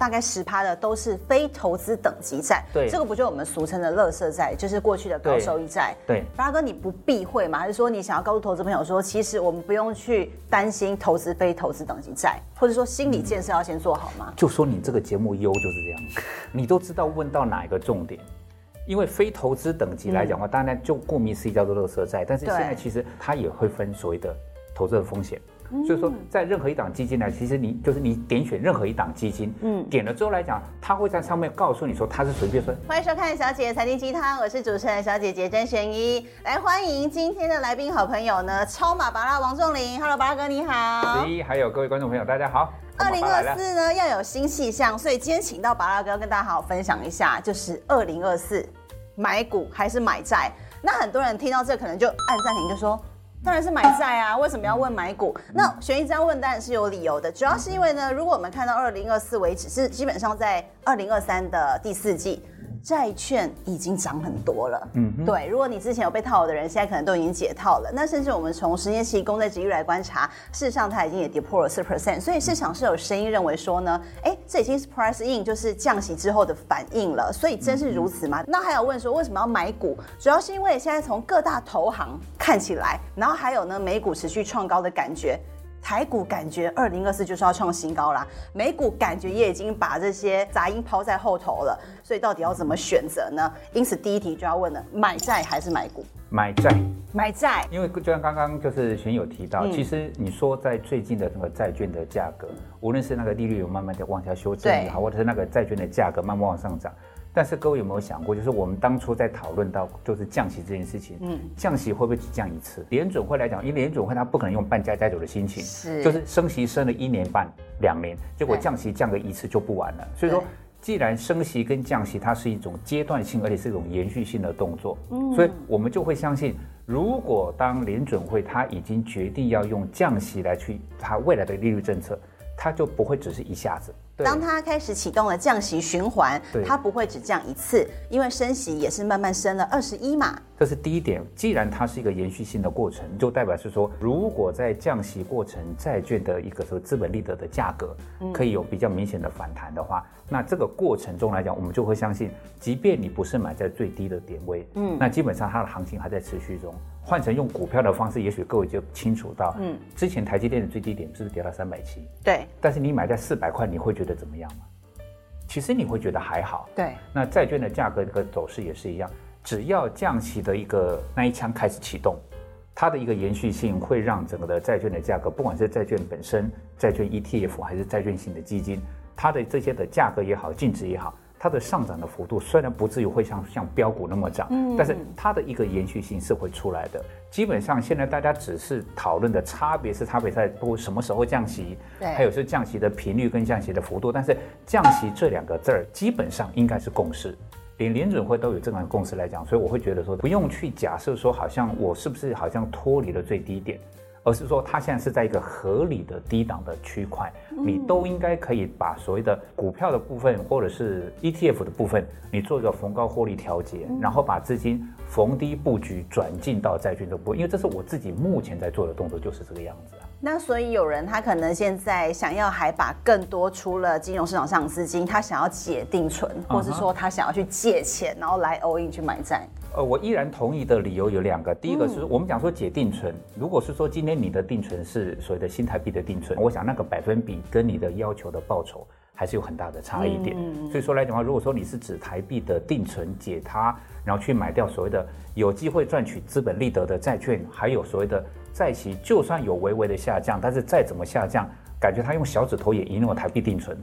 大概十趴的都是非投資等級債對，對這個不就是我們俗稱的垃圾債，就是過去的高收益債。對，八哥你不避諱嗎？還、就是說你想要告訴投資朋友說，其實我們不用去擔心投資非投資等級債，或者說心理建設要先做好嗎？嗯、就說你這個節目優就是這樣子，你都知道問到哪一個重點，因為非投資等級來講的話，嗯、當然就顧名思義叫做垃圾債，但是現在其實它也會分所謂的投資的風險。所以說，在任何一檔基金呢，其實你就是你點選任何一檔基金，嗯，點了之後來講，他會在上面告訴你說他是隨便說。歡迎收看《小姐姐財經雞湯》，我是主持人小姐姐詹璇依，來歡迎今天的來賓好朋友呢，超馬巴拉王仲林。Hello，巴拉哥你好。十一還有各位觀眾朋友，大家好。二零二四呢要有新氣象，所以今天請到巴拉哥跟大家好好分享一下，就是二零二四買股還是買債？那很多人聽到這可能就按暫停，就說。當然是買債啊，為什麼要問買股？那選一張問當然是有理由的，主要是因為呢，如果我們看到二零二四為止，是基本上在二零二三的第四季，債券已經漲很多了，嗯哼，對。如果你之前有被套的人，現在可能都已經解套了。那甚至我們從十年期公債殖利率來觀察，事實上它已經也跌破了四 percent。所以市場是有聲音認為說呢，哎，這已經是 price in，就是降息之後的反應了。所以真是如此嗎？嗯、哼那還有問說為什麼要買股？主要是因為現在從各大投行看起來，然後還有呢美股持續創高的感覺。台股感覺二零二四就是要創新高啦，啊，美股感覺也已經把這些雜音拋在後頭了，所以到底要怎麼選擇呢？因此第一題就要問了：買債還是買股？買債債，買債債。因為就像剛剛就是璇依提到，嗯、其實你說在最近的那個債券的價格，無論是那個利率有慢慢的往下修正也好，對或者是那個債券的價格慢慢往上漲。但是各位有沒有想過，就是我們當初在討論到就是降息這件事情，嗯，降息會不會只降一次？聯準會來講，因為聯準會它不可能用扮家家酒的心情，是，就是升息升了一年半兩年，結果降息降個一次就不玩了。對所以說，既然升息跟降息它是一種階段性，而且是一種延續性的動作，嗯，所以我們就會相信，如果當聯準會它已經決定要用降息來去它未來的利率政策，它就不會只是一下子。當它開始啟動了降息循環，它對不會只降一次，因為升息也是慢慢升了二十一碼。這是第一點，既然它是一個延續性的過程，就代表是說，如果在降息過程，債券的一個這個資本利得的價格可以有比較明顯的反彈的話，嗯、那這個過程中來講，我們就會相信，即便你不是買在最低的點位，嗯，那基本上它的行情還在持續中。換成用股票的方式，也許各位就清楚到，嗯，之前台積電的最低點是不是跌到三百七？對，但是你買在四百塊，你會覺得怎麼樣嗎？其實你會覺得還好。對，那債券的價格的走勢也是一樣，只要降息的一個那一槍開始啟動，它的一個延續性會讓整個的債券的價格，不管是債券本身、債券 ETF 還是債券型的基金，它的這些的價格也好、淨值也好。它的上漲的幅度雖然不至於會像像飆股那麼漲，但是它的一個延續性是會出來的。嗯、基本上現在大家只是討論的差別是差別在不什麼時候降息，嗯、還有是降息的頻率跟降息的幅度。但是降息這兩個字基本上應該是共識，連聯準會都有這種共識來講，所以我會覺得說不用去假設說好像我是不是好像脫離了最低點。而是說，它現在是在一個合理的低檔的區塊，你都應該可以把所謂的股票的部分，或者是 ETF 的部分，你做一個逢高獲利調節，然後把資金逢低布局轉進到債券的部分，因為這是我自己目前在做的動作，就是這個樣子啊。那所以有人他可能現在想要還把更多除了金融市場上的資金，他想要解定存，或者是說他想要去借錢，然後來歐印去買債。呃，我依然同意的理由有兩個，第一個是我們講說解定存，嗯，如果是說今天你的定存是所謂的新台幣的定存，我想那個百分比跟你的要求的報酬還是有很大的差異點，嗯，所以說來講的話，如果說你是指台幣的定存解它，然後去買掉所謂的有機會賺取資本利得的債券，還有所謂的債息，就算有微微的下降，但是再怎麼下降。感覺他用小指頭也一我台必定存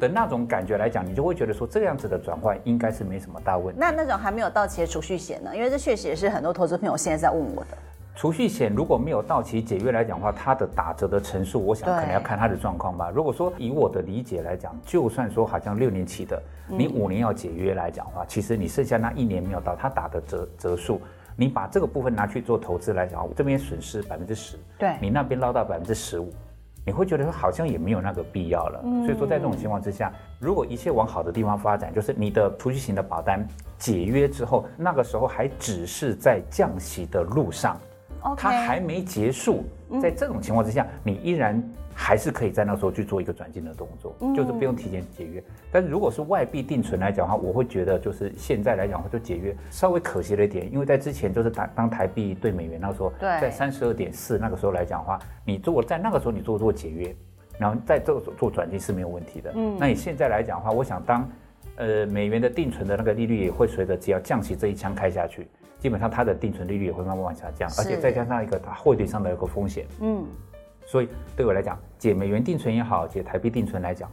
的那種感覺來講，你就會覺得說這樣子的轉換應該是沒什麼大問題。 那那種還沒有到期的儲蓄險呢？因為這確實也是很多投資朋友現在在問我的。儲蓄險如果沒有到期解約來講的話，它的打折的層數，我想可能要看它的狀況吧。對 如果說以我的理解來講，就算說好像六年期的，你五年要解約來講話，其實你剩下那一年沒有到，他打的折折數，你把這個部分拿去做投資來講，這邊損失百分之十，對你那邊撈到百分之十五。你會覺得說好像也沒有那個必要了，嗯、所以說在這種情況之下，如果一切往好的地方發展，就是你的儲蓄型的保單解約之後，那個時候還只是在降息的路上。Okay, 嗯、它還沒結束，在這種情況之下，嗯、你依然還是可以在那時候去做一個轉進的動作，嗯、就是不用提前解約。但是如果是外幣定存來講的話，我會覺得就是現在來講的話就解約稍微可惜了一點，因為在之前就是台當台幣對美元那時候，對在三十二點四那個時候來講的話，你如果在那個時候你做做解約，然後在這個時候做轉進是沒有問題的。嗯、那你現在來講的話，我想當呃美元的定存的那個利率也會隨着只要降息這一槍開下去。基本上它的定存利率，也會慢慢往下降，是而且再加上一個它匯率上的一個風險，嗯，所以對我來講，解美元定存也好，解台幣定存來講，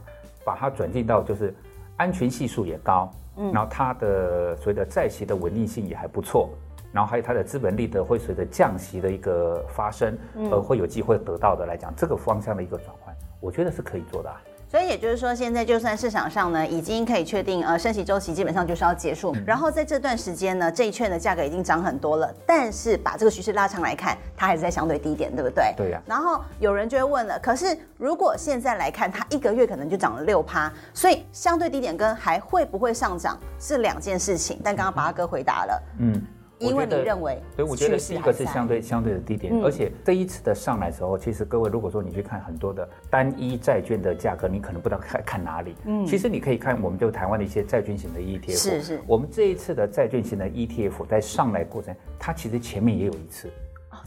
把它轉進到就是安全係數也高，嗯，然後它的所謂的債息的穩定性也還不錯，然後還有它的資本利得會隨着降息的一個發生，嗯，而會有機會得到的來講，這個方向的一個轉換，我覺得是可以做的啊。所以也就是說，現在就算市場上呢，已經可以確定，呃，升息週期基本上就是要結束。嗯、然後在這段時間呢，這一券的價格已經漲很多了，但是把這個趨勢拉長來看，它還是在相對低點，對不對？對呀、啊。然後有人就會問了，可是如果現在來看，它一個月可能就漲了六趴，所以相對低點跟還會不會上漲是兩件事情。但剛剛把阿哥回答了，嗯。嗯因為你認為，所以我覺得第一個是相對相對的低點，嗯、而且這一次的上來的時候，其實各位如果說你去看很多的單一債券的價格，你可能不知道看看哪裡。嗯，其實你可以看我們就台灣的一些債券型的 ETF，是是，我們這一次的債券型的 ETF 在上來過程，它其實前面也有一次。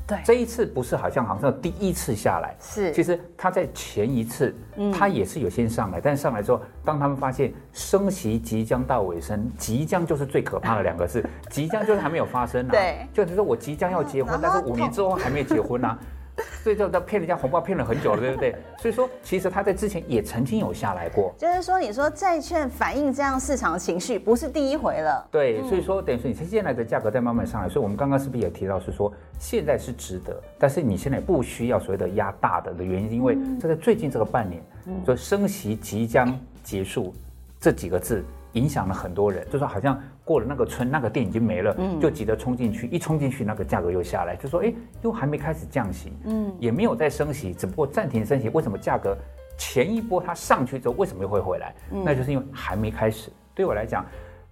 對，這一次不是好像好像第一次下來，是其實他在前一次，嗯，他也是有先上來，但上來之後，當他們發現升息即將到尾聲，即將就是最可怕的兩個字， 即將就是還沒有發生啊。對，就是說我即將要結婚，後但是五年之後還沒結婚啊。 所以就騙人家紅包騙了很久了，對不對？ 所以說其實他在之前也曾經有下來過，就是說你說債券反映這樣市場的情緒不是第一回了。對，所以說等於說你現在的價格在慢慢上來，所以我們剛剛是不是也提到是說現在是值得，但是你現在不需要所謂的壓大的的原因，因為這個最近這個半年，就升息即將結束這幾個字影響了很多人，就是說好像。過了那個村，那個店已經沒了，嗯，就急着衝進去，嗯、一衝進去，那個價格又下來，就說，哎，又還沒開始降息，嗯，也沒有再升息，只不過暫停升息。為什麼價格前一波它上去之後，為什麼又會回來？嗯、那就是因為還沒開始。對我來講，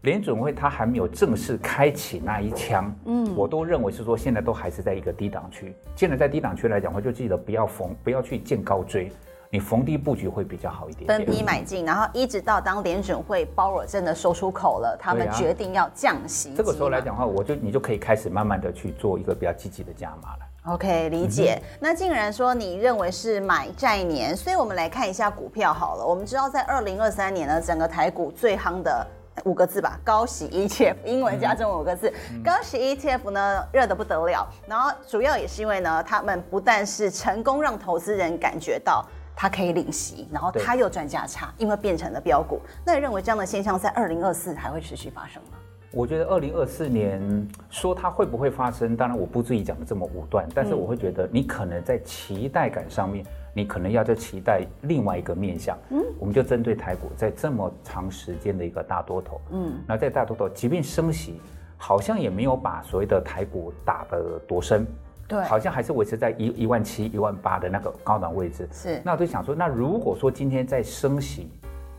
聯準會它還沒有正式開啟那一槍，嗯，我都認為是說現在都還是在一個低檔區。既然在低檔區來講，我就記得不要逢不要去見高追。你逢低布局會比較好一點,點，分批買進，對然後一直到當聯準會、嗯、鮑爾真的說出口了，他們決定要降息、啊，這個時候來講話，我就你就可以開始慢慢的去做一個比較積極的加碼了。OK，理解。嗯、哼那既然說你認為是買債年，所以我們來看一下股票好了。我們知道在二零二三年呢，整個台股最夯的五個字吧，高息 ETF，英文加中五個字，嗯、高息 ETF 呢熱得不得了。然後主要也是因為呢，他們不但是成功讓投資人感覺到。他可以領息，然後他又賺價差，對因為變成了飆股。那你認為這樣的現象在二零二四還會持續發生嗎？我覺得二零二四年說它會不會發生，當然我不至於講的這麼武斷，但是我會覺得你可能在期待感上面，你可能要在期待另外一個面向。嗯，我們就針對台股在這麼長時間的一個大多頭，嗯，那在大多頭，即便升息，好像也沒有把所謂的台股打得多深。對，好像還是維持在一一萬七、一萬八的那個高檔位置。是，那我就想說，那如果說今天在升息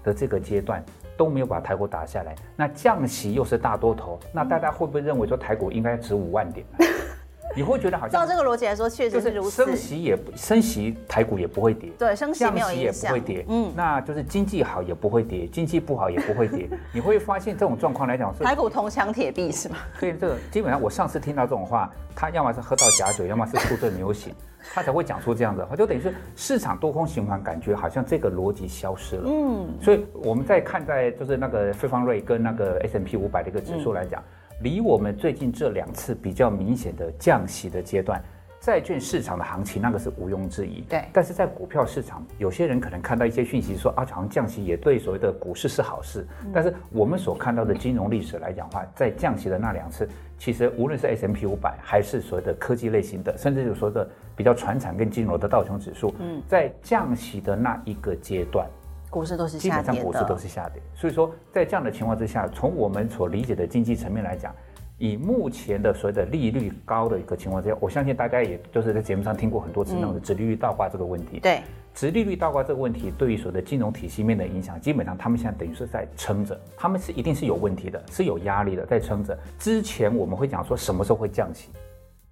的這個階段都沒有把台股打下來，那降息又是大多頭，嗯、那大家會不會認為說台股應該值五萬點？ 你會覺得好像照這個邏輯來說，確實是如此。升息也不升息，台股也不會跌。對，升息，息也不會跌。嗯，那就是經濟好也不會跌，經濟不好也不會跌。你會發現這種狀況來講，台股銅牆鐵壁是嗎？所以這個基本上，我上次聽到這種話，他要麼是喝到假酒，要麼是宿醉沒有醒，他才會講出這樣子。就等於是市場多空循環，感覺好像這個邏輯消失了。嗯，所以我們在看，在就是那個費方瑞跟那個 S M P 五百的一個指數來講。嗯離我們最近這兩次比較明顯的降息的階段，債券市場的行情那個是毋庸置疑。對，但是在股票市場，有些人可能看到一些訊息說啊，好像降息也對所謂的股市是好事。嗯、但是我們所看到的金融歷史來講的話，在降息的那兩次，其實無論是 S M P 五百還是所謂的科技類型的，甚至有說的比較傳產跟金融的道瓊指數，嗯，在降息的那一個階段，股市都是下跌的。基本上股市都是下跌，所以說在這樣的情況之下，從我們所理解的經濟層面來講，以目前的所謂的利率高的一個情況之下，我相信大家也都是在節目上聽過很多次那種的“殖利率倒掛”這個問題。嗯、對，“殖利率倒掛”這個問題對於所謂的金融體系面的影響，基本上他們現在等於是在撐着，他們是一定是有問題的，是有壓力的在撐着。之前我們會講說什麼時候會降息，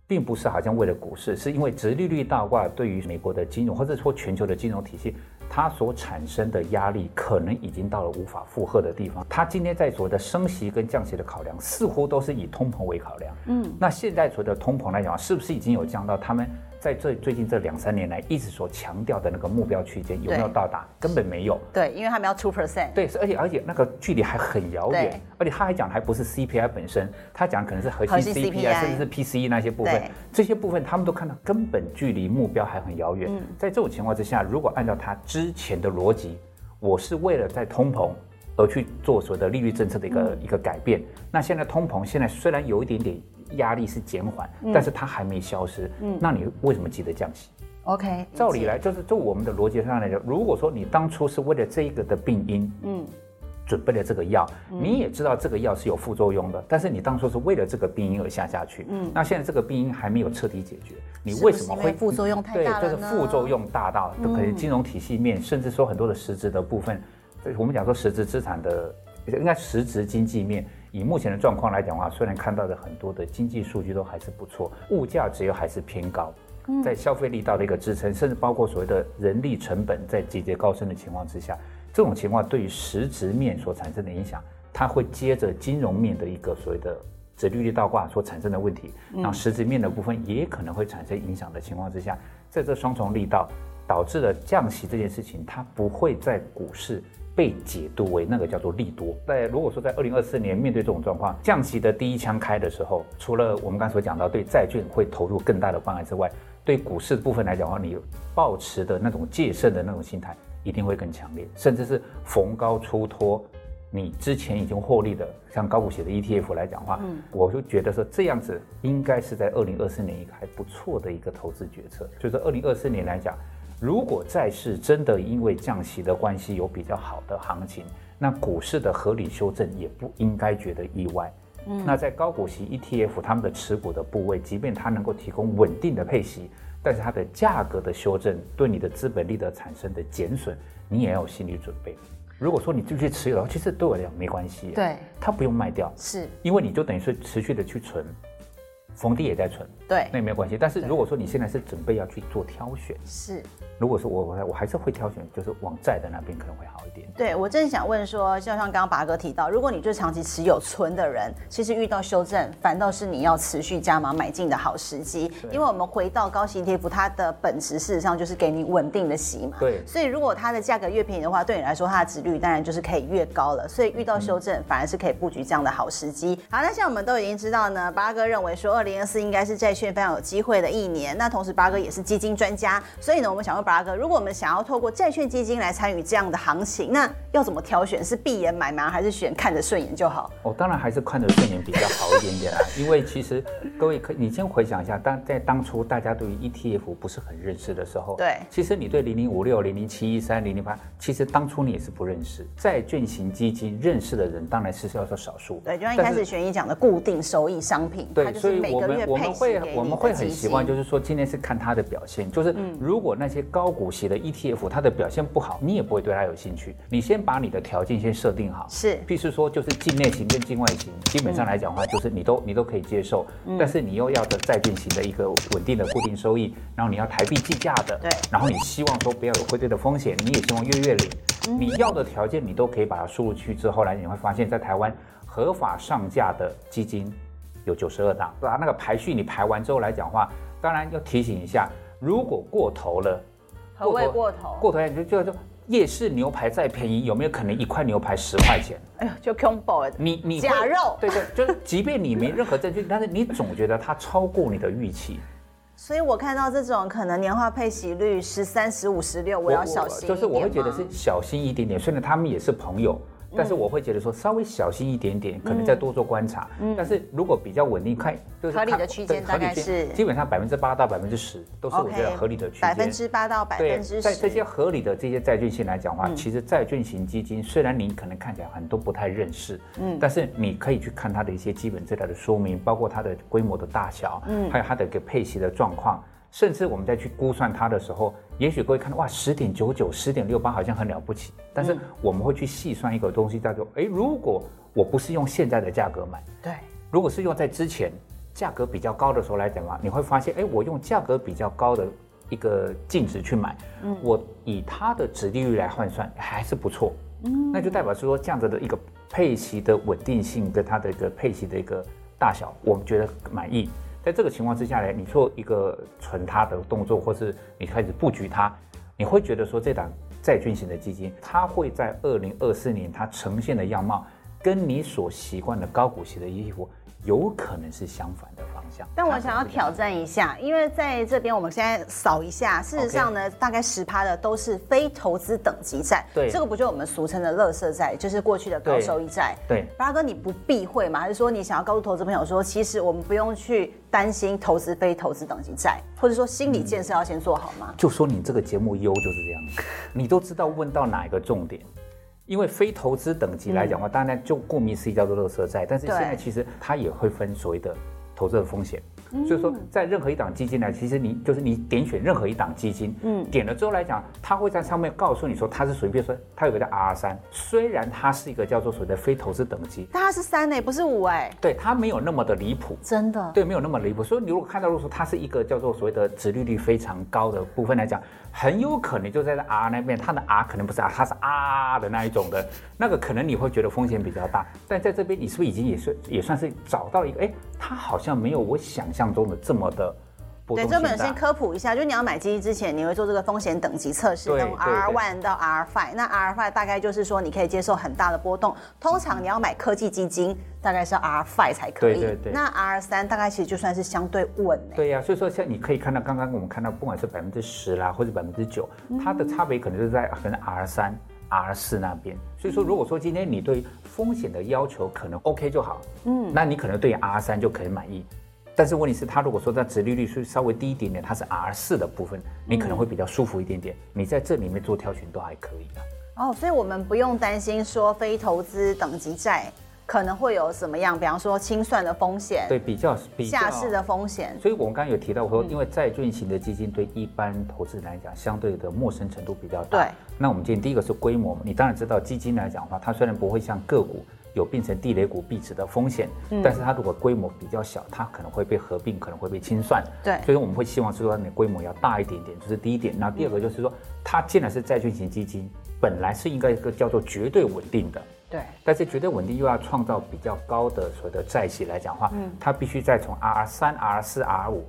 並不是好像為了股市，是因為“殖利率倒掛”對於美國的金融或者說全球的金融體系。它所產生的壓力可能已經到了無法負荷的地方。它今天在所謂的升息跟降息的考量，似乎都是以通膨為考量。嗯，那現在所謂的通膨來講，是不是已經有降到他們？在最最近這兩三年來一直所強調的那個目標區間有沒有到達？對根本沒有。對，因為他們要 two percent，對，而且而且那個距離還很遙遠。對而且他還講，還不是 CPI 本身，他講的可能是核心 CPI，CP 甚至是 PCE 那些部分，對這些部分他們都看到根本距離目標還很遙遠。嗯、在這種情況之下，如果按照他之前的邏輯，我是為了在通膨而去做所謂的利率政策的一個、嗯、一個改變。那現在通膨現在雖然有一點點。壓力是減緩，但是它還沒消失。嗯，那你為什麼急著降息？OK，照理來就是，就我們的邏輯上來講，如果說你當初是為了這個的病因，嗯，準備了這個藥，你也知道這個藥是有副作用的，但是你當初是為了這個病因而下下去，嗯，那現在這個病因還沒有徹底解決，你為什麼會副作用太大了呢？對，就是副作用大到都可以，金融體系面甚至說很多的實質的部分，我們講說實質資產的，應該實質經濟面。以目前的狀況來講話，雖然看到的很多的經濟數據都還是不錯，物價只有還是偏高，在消費力道的一個支撐，甚至包括所謂的人力成本在節節高升的情況之下，這種情況對於實質面所產生的影響，它會接着金融面的一個所謂的殖利率倒掛所產生的問題，那、嗯、實質面的部分也可能會產生影響的情況之下，在這雙重力道導致了降息這件事情，它不會在股市。被解讀為那個叫做利多。在如果說在二零二四年面對這種狀況，降息的第一槍開的時候，除了我們剛才所講到對債券會投入更大的關愛之外，對股市部分來講的話，你抱持的那種戒慎的那種心態一定會更強烈，甚至是逢高出脫。你之前已經獲利的，像高股息的 ETF 來講的話，我就覺得說這樣子應該是在二零二四年一個還不錯的一個投資決策。所以說二零二四年來講。如果債市真的因為降息的關係有比較好的行情，那股市的合理修正也不應該覺得意外。嗯，那在高股息 ETF，他們的持股的部位，即便它能夠提供穩定的配息，但是它的價格的修正對你的資本利得產生的減損，你也要有心理準備。如果說你繼續持有的話，其實對我來講沒關係、啊，對，它不用賣掉，是因為你就等於是持續的去存。封地也在存，對，那也沒有關係。但是如果說你現在是準備要去做挑選，是對，如果說我我我還是會挑選，就是往債的那邊可能會好一點。對，我正想問說，就像剛剛八哥提到，如果你就是長期持有存的人，其實遇到修正，反倒是你要持續加碼買進的好時機。對因為我們回到高息貼補，它的本質事實上就是給你穩定的息嘛。對，所以如果它的價格越便宜的話，對你來說它的殖率當然就是可以越高了。所以遇到修正，反而是可以布局這樣的好時機。嗯、好，那現在我們都已經知道呢，八哥認為說二零應該是債券非常有機會的一年，那同時八哥也是基金專家，所以呢，我們想問八哥，如果我們想要透過債券基金來參與這樣的行情，那要怎麼挑選？是閉眼買嗎？還是選看着順眼就好？哦，當然還是看着順眼比較好一點點啊。 因為其實各位可你先回想一下，當在當初大家對於 ETF 不是很認識的時候，對，其實你對零零五六、零零七一三、零零八，其實當初你也是不認識債券型基金，認識的人當然是要說少數。對，就像一開始璇依講的固定收益商品，對，它就是每我們我們會我們會很習慣，就是說今天是看它的表現，就是如果那些高股息的 ETF 它的表現不好，你也不會對它有興趣。你先把你的條件先設定好，是，譬如說就是境內型跟境外型，基本上來講的話就是你都你都可以接受，但是你又要的債券型的一個穩定的固定收益，然後你要台幣計價的，對，然後你希望說不要有匯兌的風險，你也希望月月領，你要的條件你都可以把它輸入去之後來你會發現在台灣合法上架的基金。有九十二檔，把那個排序，你排完之後來講的話，當然要提醒一下，如果過頭了，何謂和 過頭？過頭你就就就夜市牛排再便宜，有沒有可能一塊牛排十塊錢？哎呀，就 combo 的，你你假肉，對，對對，就即便你沒任何證據， 但是你總覺得它超過你的預期。所以我看到這種可能年化配息率十三、十五、十六，我要小心，就是我會覺得是小心一點點。雖然他們也是朋友。但是我會覺得說，稍微小心一點點，可能再多做觀察。嗯嗯、但是如果比較穩定，就是合理的區間，合理區間大概是，基本上百分之八到百分之十都是我覺得合理的區間。百分之八到百分之十，在這些合理的這些債券型來講的話，嗯、其實債券型基金雖然您可能看起來很多不太認識，嗯、但是你可以去看它的一些基本資料的說明，包括它的規模的大小，嗯、還有它的一個配息的狀況，甚至我們再去估算它的時候。也許各位看到哇，十點九九、十點六八好像很了不起，但是我們會去細算一個東西叫做：哎、就是欸，如果我不是用現在的價格買，對，如果是用在之前價格比較高的時候來講嘛，你會發現，哎、欸，我用價格比較高的一個淨值去買，嗯，我以它的殖利率來換算還是不錯，嗯，那就代表是說這樣子的一個配息的穩定性跟它的一個配息的一個大小，我們覺得滿意。在這個情況之下呢，你做一個存它的動作，或是你開始布局它，你會覺得說，這檔債券型的基金，它會在二零二四年它呈現的樣貌，跟你所習慣的高股息的衣服。有可能是相反的方向，但我想要挑戰一下，因為在這邊我們現在掃一下，事實上呢，Okay. 大概十趴的都是非投資等級債，對，這個不就是我們俗稱的垃圾債，就是過去的高收益債，對。八哥你不避諱嗎？還、就是說你想要告訴投資朋友說，其實我們不用去擔心投資非投資等級債，或者說心理建設要先做好嗎？嗯、就說你這個節目優就是這樣， 你都知道問到哪一個重點。因為非投資等級來講的話，當然就顧名思義叫做垃圾債，但是現在其實它也會分所謂的投資的風險。所以說，在任何一檔基金呢，其實你就是你點選任何一檔基金，嗯，點了之後來講，他會在上面告訴你說，它是屬於，比如說，它有個叫 R 三，雖然它是一個叫做所謂的非投資等級，但它是三呢、欸，不是五哎、欸，對，它沒有那麼的離譜，真的，對，沒有那麼的離譜。所以你如果看到如果說它是一個叫做所謂的殖利率非常高的部分來講，很有可能就在這 R 那邊，它的 R 可能不是 R，它是 R、啊啊、的那一種的，那個可能你會覺得風險比較大，但在這邊你是不是已經也是也算是找到了一個，哎，它好像沒有我想象。當中的這麼的波動，對，這我們先科普一下。就你要買基金之前，你會做這個風險等級測試，用對 R 1，對對1到 R 5。那 R 5大概就是說你可以接受很大的波動。通常你要買科技基金，大概是 R 5才可以。對對對。那 R 三大概其實就算是相對穩、欸。對呀、啊，所以說像你可以看到，剛剛我們看到，不管是百分之十啦，或者百分之九，它的差別可能就是在可能 R 三、R 四那邊。所以說，如果說今天你對風險的要求可能 OK 就好，嗯，那你可能對 R 三就可以滿意。但是問題是，它如果說在殖利率是稍微低一點點，它是 R 四的部分，你可能會比較舒服一點點。嗯、你在這裡面做挑選都還可以哦，所以我們不用擔心說非投資等級債可能會有什麼樣，比方說清算的風險，對，比較，比較下市的風險。所以我們剛剛有提到說，因為債券型的基金對一般投資人來講，相對的陌生程度比較大。對。那我們今天第一個是規模嘛，你當然知道基金來講的話，它雖然不會像個股。有變成地雷股、壁紙的風險，嗯、但是它如果規模比較小，它可能會被合併，可能會被清算。對，所以我們會希望是說你的規模要大一點點，這、就是第一點。那第二個就是說，嗯、它既然是債券型基金，本來是應該一個叫做絕對穩定的，對，但是絕對穩定又要創造比較高的所謂的債息來講的話，嗯、它必須再從 R 三、R 四、R 五。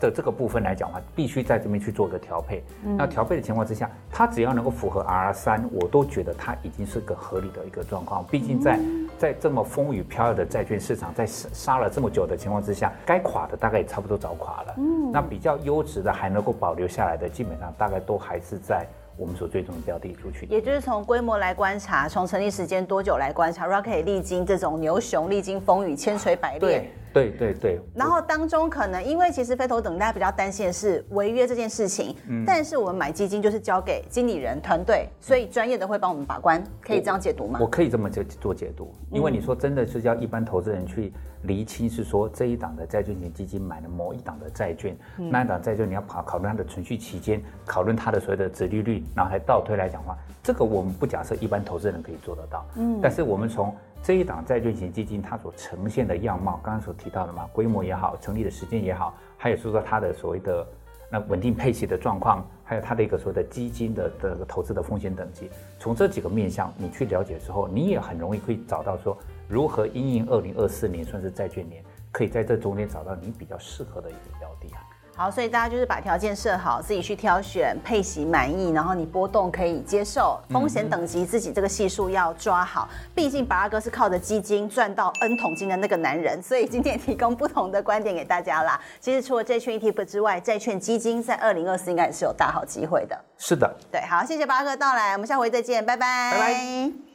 的這個部分來講話，必須在這邊去做個調配。嗯、那調配的情況之下，它只要能夠符合 R 三，我都覺得它已經是個合理的一個狀況。畢竟在、嗯、在這麼風雨飄搖的債券市場，在殺殺了這麼久的情況之下，該垮的大概也差不多早垮了。嗯，那比較優質的還能夠保留下來的，基本上大概都還是在我們所追蹤的標的出的族去也就是從規模來觀察，從成立時間多久來觀察，Rocket 歷經這種牛熊，歷經風雨千錘百鍊。對對對，然後當中可能因為其實非投等，大家比較擔心的是違約這件事情。嗯，但是我們買基金就是交給經理人團隊，團隊嗯、所以專業的會幫我們把關，可以這樣解讀嗎？我，我可以這麼做做解讀，因為你說真的是要一般投資人去釐清，是說這一檔的債券型基金買了某一檔的債券，嗯、那一檔債券你要考考慮它的存續期間，考慮它的所謂的殖利率，然後還倒推來講話，這個我們不假設一般投資人可以做得到。嗯，但是我們從。這一檔債券型基金，它所呈現的樣貌，剛剛所提到的嘛，規模也好，成立的時間也好，還有說說它的所謂的那穩定配息的狀況，還有它的一個所謂的基金的這個投資的風險等級，從這幾個面向你去了解之後，你也很容易可以找到說如何因應二零二四年算是債券年，可以在這中間找到你比較適合的一個標的啊。好，所以大家就是把條件設好，自己去挑選配息滿意，然後你波動可以接受，風險等級自己這個係數要抓好。畢竟八哥是靠着基金賺到 N 桶金的那個男人，所以今天也提供不同的觀點給大家啦。其實除了債券 ETF 之外，債券基金在二零二四應該也是有大好機會的。是的，對，好，謝謝八哥的到來，我們下回再見，拜拜。拜拜。